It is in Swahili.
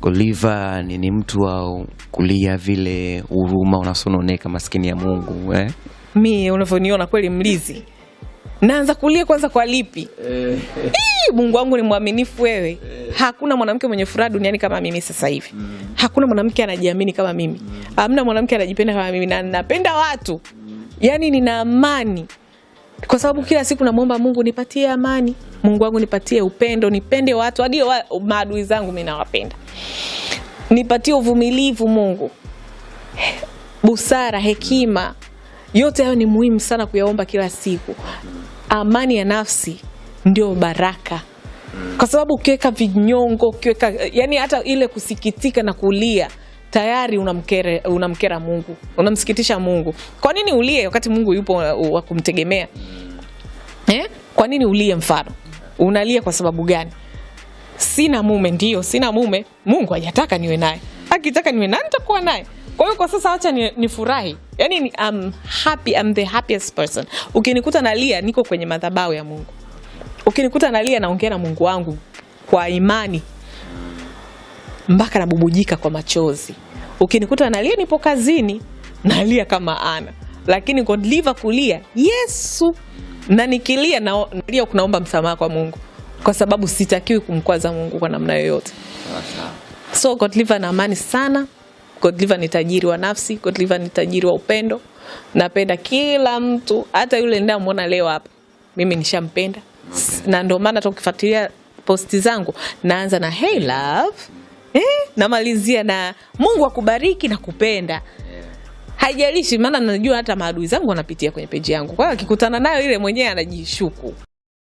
Goliva ni, ni mtu wa kulia vile huruma, unasononeka maskini ya Mungu eh? Mie unavyoniona kweli mlizi, naanza kulia kwanza kwa lipi eh. Mungu wangu ni mwaminifu wewe eh. Hakuna mwanamke mwenye furaha duniani kama mimi sasa hivi Hakuna mwanamke anajiamini kama mimi Hamna mwanamke anajipenda kama mimi na napenda watu yani nina amani kwa sababu kila siku namwomba Mungu nipatie amani, Mungu wangu nipatie upendo, nipende watu hadi wa, maadui zangu mi nawapenda, nipatie uvumilivu Mungu, busara, hekima. Yote hayo ni muhimu sana kuyaomba kila siku. Amani ya nafsi ndio baraka kwa sababu ukiweka vinyongo, ukiweka yani hata ile kusikitika na kulia tayari unamkere, unamkera Mungu, unamsikitisha Mungu. Kwa nini ulie wakati Mungu yupo uh, wa kumtegemea eh? Kwa nini ulie? Mfano, unalia kwa sababu gani? Sina mume, ndio sina mume. Mungu hajataka niwe naye, akitaka niwe naye nitakuwa naye. Kwa hiyo kwa sasa acha nifurahi ni yani ni, I'm happy, I'm the happiest person. Ukinikuta nalia niko kwenye madhabahu ya Mungu, ukinikuta nalia naongea na Mungu wangu kwa imani mpaka nabubujika kwa machozi. Ukinikuta nalia, nipo kazini, nalia kama ana, lakini koliva kulia Yesu, na nikilia nalia kunaomba msamaha kwa Mungu, kwa sababu sitakiwi kumkwaza Mungu kwa namna yoyote. So Godliver na amani sana. Godliver ni tajiri wa nafsi, Godliver ni tajiri wa upendo. Napenda kila mtu, hata yule ninayemwona leo hapa mimi nishampenda, okay. Na ndio maana hata ukifuatilia posti zangu naanza na hey love eh, namalizia na Mungu akubariki na kupenda haijalishi maana najua hata maadui zangu wanapitia kwenye peji yangu, kwa hiyo akikutana nayo ile mwenyewe anajishuku.